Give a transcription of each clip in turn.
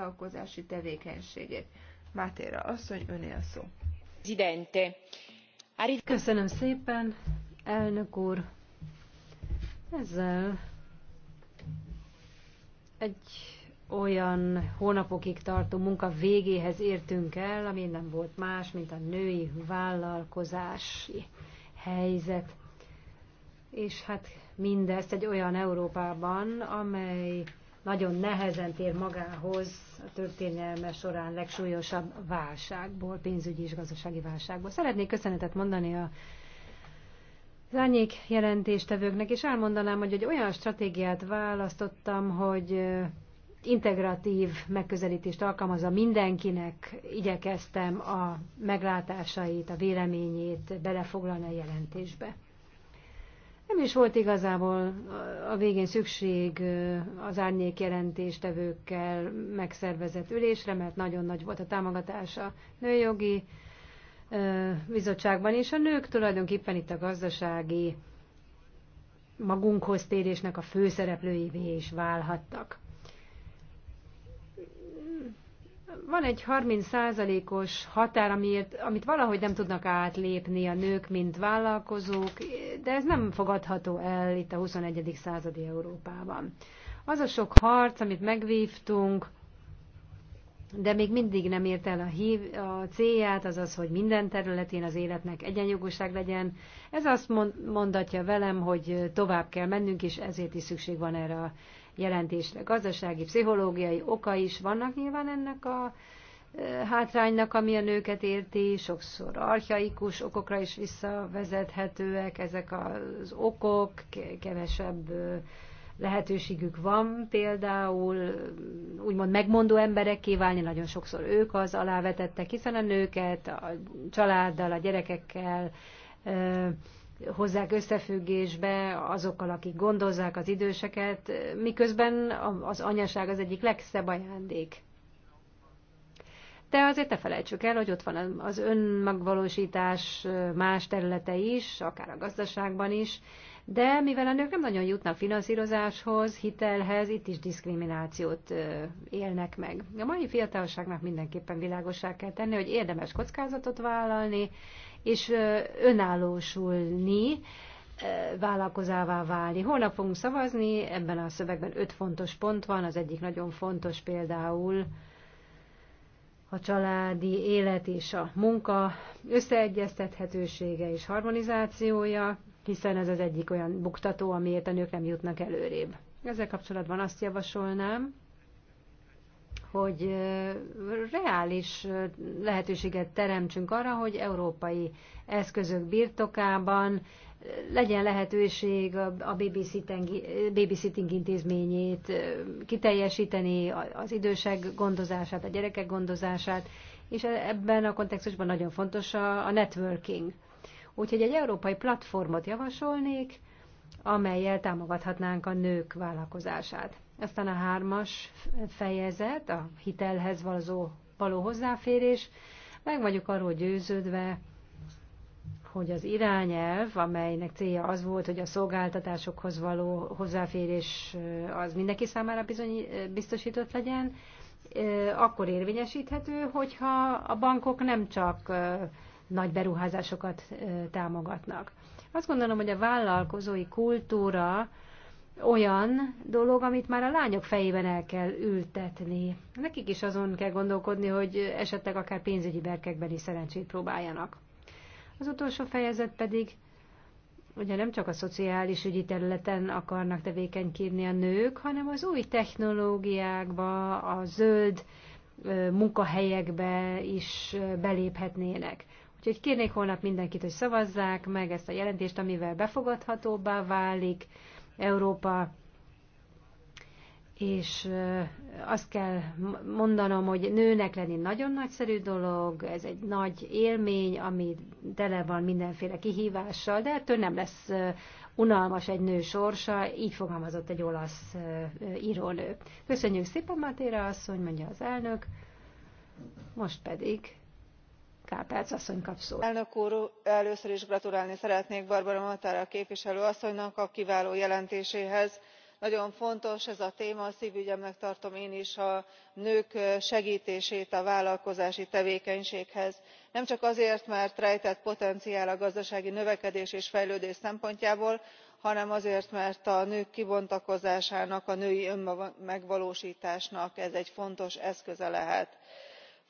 vállalkozási tevékenységét. Mátéra asszony, öné a szó. Köszönöm szépen, elnök úr. Ezzel egy olyan hónapokig tartó munka végéhez értünk el, ami nem volt más, mint a női vállalkozási helyzet. És hát mindezt egy olyan Európában, amely nagyon nehezen tér magához a történelme során legsúlyosabb válságból, pénzügyi és gazdasági válságból. Szeretnék köszönetet mondani a az árnyék jelentéstevőknek, és elmondanám, hogy egy olyan stratégiát választottam, hogy integratív megközelítést alkalmazza mindenkinek, igyekeztem a meglátásait, a véleményét belefoglalni a jelentésbe. Nem is volt igazából a végén szükség az árnyék jelentéstevőkkel megszervezett ülésre, mert nagyon nagy volt a támogatása nőjogi bizottságban, és a nők tulajdonképpen itt a gazdasági magunkhoz térésnek a főszereplőivé is válhattak van egy 30%-os határ, amiért, amit valahogy nem tudnak átlépni a nők, mint vállalkozók, de ez nem fogadható el itt a 21. századi Európában. Az a sok harc, amit megvívtunk, de még mindig nem ért el a, hív, a célját, azaz, hogy minden területén az életnek egyenjogúság legyen. Ez azt mondatja velem, hogy tovább kell mennünk, és ezért is szükség van erre a jelentésre. Gazdasági, pszichológiai oka is vannak nyilván ennek a hátránynak, ami a nőket érti, sokszor archaikus okokra is visszavezethetőek ezek az okok, kevesebb lehetőségük van például, úgymond megmondó emberek válni, nagyon sokszor ők az alávetettek, hiszen a nőket a családdal, a gyerekekkel hozzák összefüggésbe azokkal, akik gondozzák az időseket, miközben az anyaság az egyik legszebb ajándék. De azért ne felejtsük el, hogy ott van az önmagvalósítás más területe is, akár a gazdaságban is, de mivel a nők nem nagyon jutnak finanszírozáshoz, hitelhez, itt is diszkriminációt élnek meg. A mai fiatalságnak mindenképpen világosá kell tenni, hogy érdemes kockázatot vállalni, és önállósulni, vállalkozává válni. Holnap fogunk szavazni, ebben a szövegben öt fontos pont van, az egyik nagyon fontos például a családi élet és a munka összeegyeztethetősége és harmonizációja, hiszen ez az egyik olyan buktató, amiért a nők nem jutnak előrébb. Ezzel kapcsolatban azt javasolnám, hogy reális lehetőséget teremtsünk arra, hogy európai eszközök birtokában legyen lehetőség a babysitting, babysitting intézményét kiteljesíteni, az idősek gondozását, a gyerekek gondozását, és ebben a kontextusban nagyon fontos a networking. Úgyhogy egy európai platformot javasolnék, amelyel támogathatnánk a nők vállalkozását. Aztán a hármas fejezet, a hitelhez való, való hozzáférés. Meg vagyok arról győződve, hogy az irányelv, amelynek célja az volt, hogy a szolgáltatásokhoz való hozzáférés az mindenki számára bizony, biztosított legyen, akkor érvényesíthető, hogyha a bankok nem csak nagy beruházásokat támogatnak. Azt gondolom, hogy a vállalkozói kultúra olyan dolog, amit már a lányok fejében el kell ültetni. Nekik is azon kell gondolkodni, hogy esetleg akár pénzügyi berkekben is szerencsét próbáljanak. Az utolsó fejezet pedig, ugye nem csak a szociális ügyi területen akarnak tevékenykedni a nők, hanem az új technológiákba, a zöld munkahelyekbe is beléphetnének. Úgyhogy kérnék holnap mindenkit, hogy szavazzák meg ezt a jelentést, amivel befogadhatóbbá válik Európa. És azt kell mondanom, hogy nőnek lenni nagyon nagyszerű dolog, ez egy nagy élmény, ami tele van mindenféle kihívással, de ettől nem lesz unalmas egy nő sorsa, így fogalmazott egy olasz írónő. Köszönjük szépen, Matéra, asszony, mondja az elnök. Most pedig elnök úr először is gratulálni szeretnék barbara matera képviselő asszonynak a kiváló jelentéséhez. nagyon fontos ez a téma szvügyemnek tartom én is a nők segtését a vállalkozási tevékenységhez nemcsak azért mert rejtett potenciál a gazdasági növekedés és fejlődés szempontjából hanem azért mert a nők kibontakozásának a női önmegvalóstásnak ez egy fontos eszköze lehet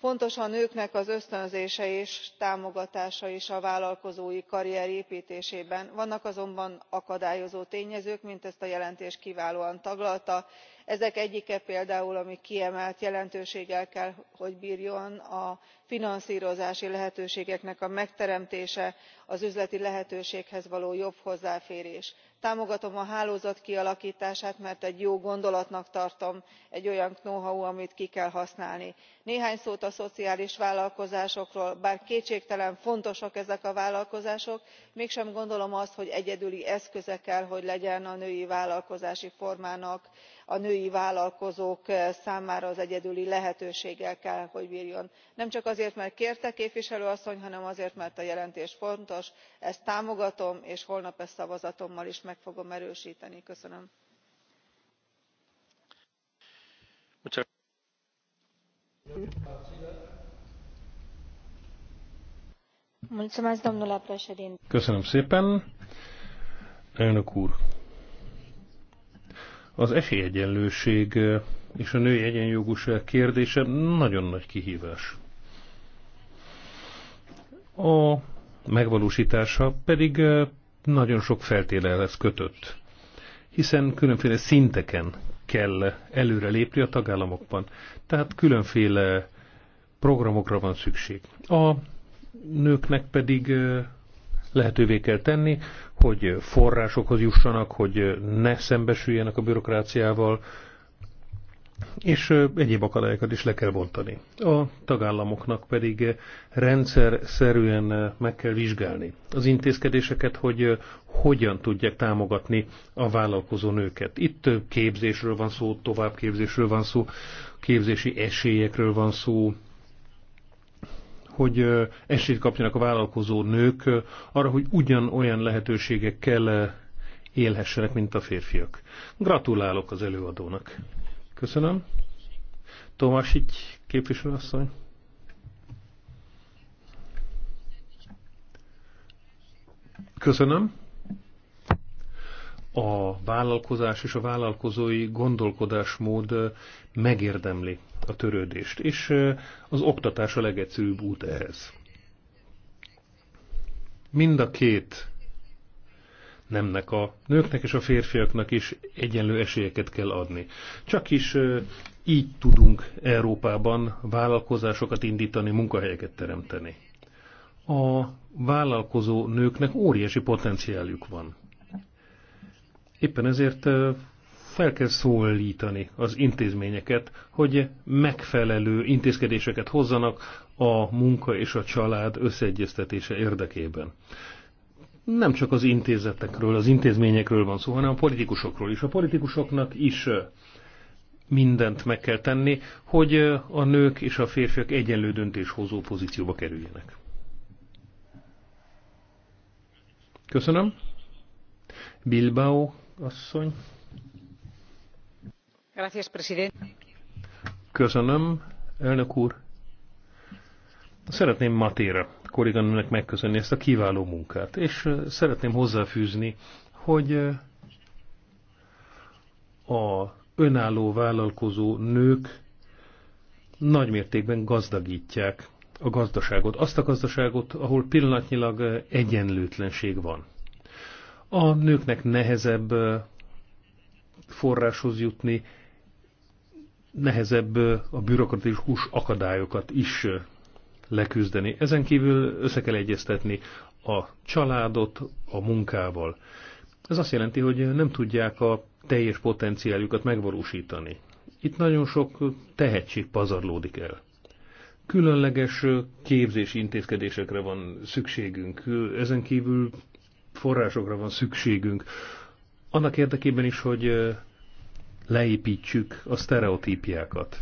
fontos a nőknek az ösztönzése és támogatása is a vállalkozói karrier éptésében vannak azonban akadályozó tényezők mint ezt a jelentés kiválóan taglalta ezek egyike például ami kiemelt jelentőséggel kell hogy brjon a finanszrozási lehetőségeknek a megteremtése az üzleti lehetőséghez való jobb hozzáférés támogatom a hálózat kialaktását mert egy jó gondolatnak tartom egy olyan know how amit ki kell használni. néhány szót a szociális vállalkozásokról bár kétségtelen fontosak ezek a vállalkozások mégsem gondolom azt hogy egyedüli eszköze kell hogy legyen a női vállalkozási formának a női vállalkozók számára az egyedüli lehetőséggel kell hogy brjon nemcsak azért mert kérte képviselő asszony hanem azért mert a jelentés fontos ezt támogatom és holnap ezt szavazatommal is meg fogom erősteni. köszönöm. köszönöm szépen elnök úr! Az esélyegyenlőség és a női egyenjogúság kérdése nagyon nagy kihívás. A megvalósítása pedig nagyon sok feltételhez kötött, hiszen különféle szinteken kell előre lépni a tagállamokban, tehát különféle programokra van szükség. A nőknek pedig lehetővé kell tenni, hogy forrásokhoz jussanak, hogy ne szembesüljenek a bürokráciával, és egyéb akadályokat is le kell bontani. A tagállamoknak pedig rendszer szerűen meg kell vizsgálni az intézkedéseket, hogy hogyan tudják támogatni a vállalkozó nőket. Itt képzésről van szó, továbbképzésről van szó, képzési esélyekről van szó, hogy esélyt kapjanak a vállalkozó nők arra, hogy ugyanolyan lehetőségekkel élhessenek, mint a férfiak. Gratulálok az előadónak. Köszönöm. Tomásics képviselőasszony. Köszönöm. A vállalkozás és a vállalkozói gondolkodásmód megérdemli a törődést, és az oktatás a legegyszerűbb út ehhez. Mind a két nemnek a nőknek és a férfiaknak is egyenlő esélyeket kell adni. Csak is így tudunk Európában vállalkozásokat indítani, munkahelyeket teremteni. A vállalkozó nőknek óriási potenciáljuk van. Éppen ezért fel kell szólítani az intézményeket, hogy megfelelő intézkedéseket hozzanak a munka és a család összeegyeztetése érdekében. Nem csak az intézetekről, az intézményekről van szó, hanem a politikusokról is. A politikusoknak is mindent meg kell tenni, hogy a nők és a férfiak egyenlő döntéshozó pozícióba kerüljenek. Köszönöm. Bilbao asszony. Köszönöm, elnök úr. Szeretném Matéra kolléganőnek megköszönni ezt a kiváló munkát, és szeretném hozzáfűzni, hogy a önálló vállalkozó nők nagymértékben gazdagítják a gazdaságot, azt a gazdaságot, ahol pillanatnyilag egyenlőtlenség van. A nőknek nehezebb forráshoz jutni, nehezebb a bürokratikus akadályokat is leküzdeni. Ezen kívül össze kell egyeztetni a családot a munkával. Ez azt jelenti, hogy nem tudják a teljes potenciáljukat megvalósítani. Itt nagyon sok tehetség pazarlódik el. Különleges képzési intézkedésekre van szükségünk, ezen kívül forrásokra van szükségünk, annak érdekében is, hogy leépítsük a sztereotípiákat.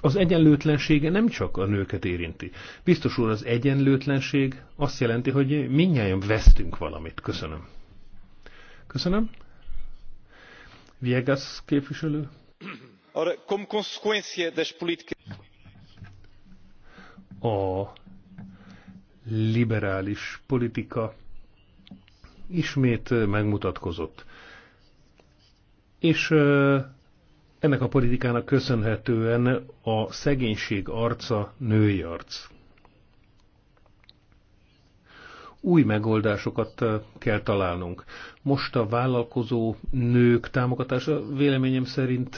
Az egyenlőtlensége nem csak a nőket érinti. Biztos úr, az egyenlőtlenség azt jelenti, hogy minnyáján vesztünk valamit. Köszönöm. Köszönöm. Viegas képviselő. A liberális politika ismét megmutatkozott és ennek a politikának köszönhetően a szegénység arca női arc. Új megoldásokat kell találnunk. Most a vállalkozó nők támogatása véleményem szerint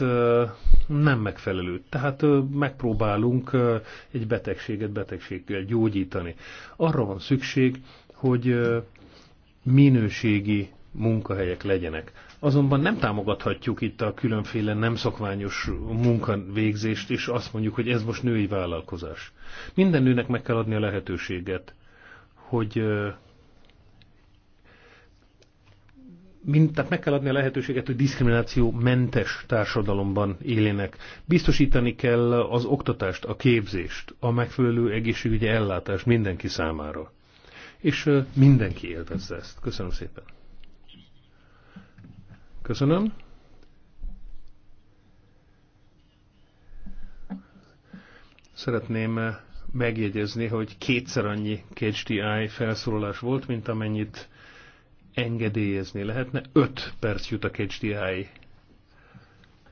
nem megfelelő. Tehát megpróbálunk egy betegséget betegséggel gyógyítani. Arra van szükség, hogy minőségi munkahelyek legyenek. Azonban nem támogathatjuk itt a különféle nem szokványos munkavégzést, és azt mondjuk, hogy ez most női vállalkozás. Minden nőnek meg kell adni a lehetőséget, hogy mint, tehát meg kell adni a lehetőséget, hogy diszkrimináció mentes társadalomban éljenek. Biztosítani kell az oktatást, a képzést, a megfelelő egészségügyi ellátást mindenki számára. És mindenki élvezze ezt. Köszönöm szépen. Köszönöm. Szeretném eh, megjegyezni, hogy kétszer annyi KHDI felszólalás volt, mint amennyit engedélyezni lehetne. 5 perc jut a KHDI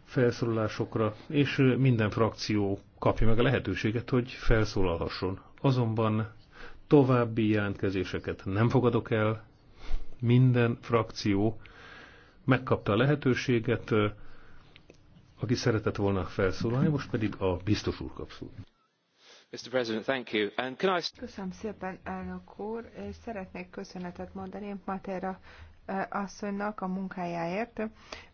felszólalásokra, és eh, minden frakció kapja meg a lehetőséget, hogy felszólalhasson. Azonban további jelentkezéseket nem fogadok el, minden frakció megkapta a lehetőséget, aki szeretett volna felszólalni, most pedig a biztos úr kap um, Köszönöm szépen, elnök úr, és szeretnék köszönetet mondani Matera asszonynak a munkájáért.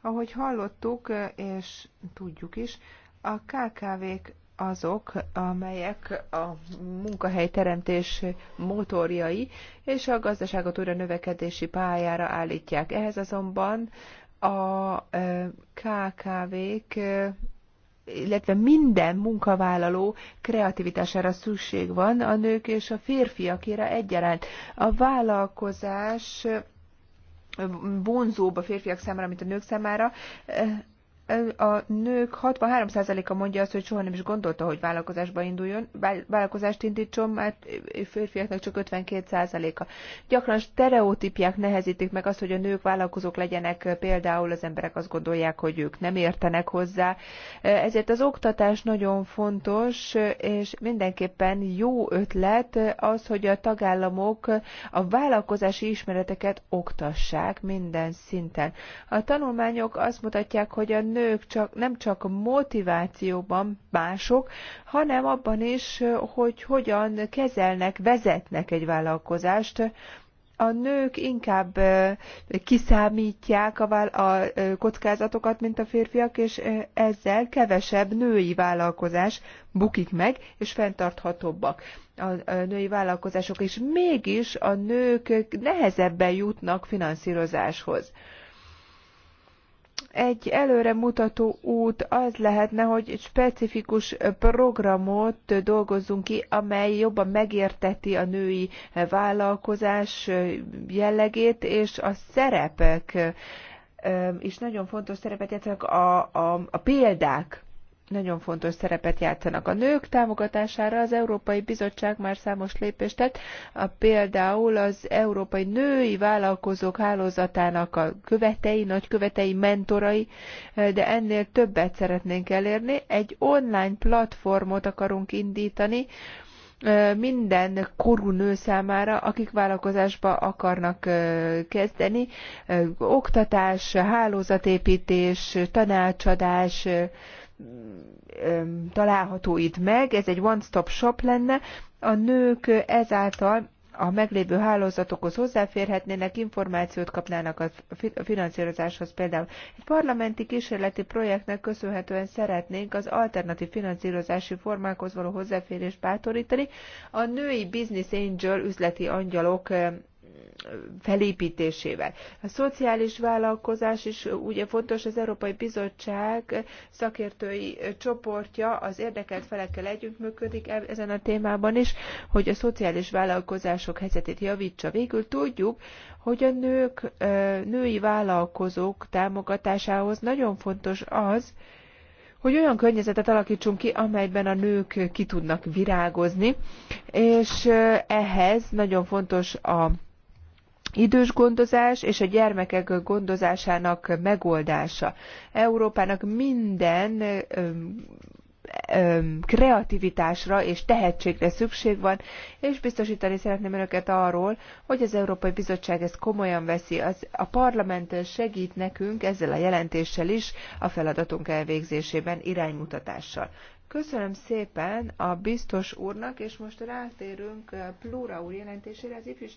Ahogy hallottuk, és tudjuk is, a KKV-k azok, amelyek a munkahely teremtés motorjai és a gazdaságot újra növekedési pályára állítják. Ehhez azonban a KKV-k illetve minden munkavállaló kreativitására szükség van a nők és a férfiakére egyaránt. A vállalkozás vonzóbb a férfiak számára, mint a nők számára, a nők 63%-a mondja azt, hogy soha nem is gondolta, hogy vállalkozásba induljon, vállalkozást indítson, mert férfiaknak csak 52%-a. Gyakran stereotípiák nehezítik meg azt, hogy a nők vállalkozók legyenek, például az emberek azt gondolják, hogy ők nem értenek hozzá. Ezért az oktatás nagyon fontos, és mindenképpen jó ötlet az, hogy a tagállamok a vállalkozási ismereteket oktassák minden szinten. A tanulmányok azt mutatják, hogy a nők nők csak, nem csak motivációban mások, hanem abban is, hogy hogyan kezelnek, vezetnek egy vállalkozást, a nők inkább kiszámítják a kockázatokat, mint a férfiak, és ezzel kevesebb női vállalkozás bukik meg, és fenntarthatóbbak a női vállalkozások, és mégis a nők nehezebben jutnak finanszírozáshoz. Egy előremutató út az lehetne, hogy egy specifikus programot dolgozzunk ki, amely jobban megérteti a női vállalkozás jellegét és a szerepek és nagyon fontos szerepet játszanak a, a, a példák nagyon fontos szerepet játszanak. A nők támogatására az Európai Bizottság már számos lépést tett, a, például az Európai Női Vállalkozók Hálózatának a követei, nagykövetei, mentorai, de ennél többet szeretnénk elérni. Egy online platformot akarunk indítani, minden korú nő számára, akik vállalkozásba akarnak kezdeni, oktatás, hálózatépítés, tanácsadás, található itt meg, ez egy one-stop shop lenne, a nők ezáltal a meglévő hálózatokhoz hozzáférhetnének, információt kapnának a finanszírozáshoz például. Egy parlamenti kísérleti projektnek köszönhetően szeretnénk az alternatív finanszírozási formákhoz való hozzáférést bátorítani. A női business angel üzleti angyalok felépítésével. A szociális vállalkozás is ugye fontos, az Európai Bizottság szakértői csoportja az érdekelt felekkel együttműködik e-, ezen a témában is, hogy a szociális vállalkozások helyzetét javítsa. Végül tudjuk, hogy a nők, női vállalkozók támogatásához nagyon fontos az, hogy olyan környezetet alakítsunk ki, amelyben a nők ki tudnak virágozni, és ehhez nagyon fontos a idős gondozás és a gyermekek gondozásának megoldása. Európának minden kreativitásra és tehetségre szükség van, és biztosítani szeretném önöket arról, hogy az Európai Bizottság ezt komolyan veszi. Az, a parlament segít nekünk ezzel a jelentéssel is a feladatunk elvégzésében iránymutatással. Köszönöm szépen a biztos úrnak, és most rátérünk Plura úr jelentésére az ifjúság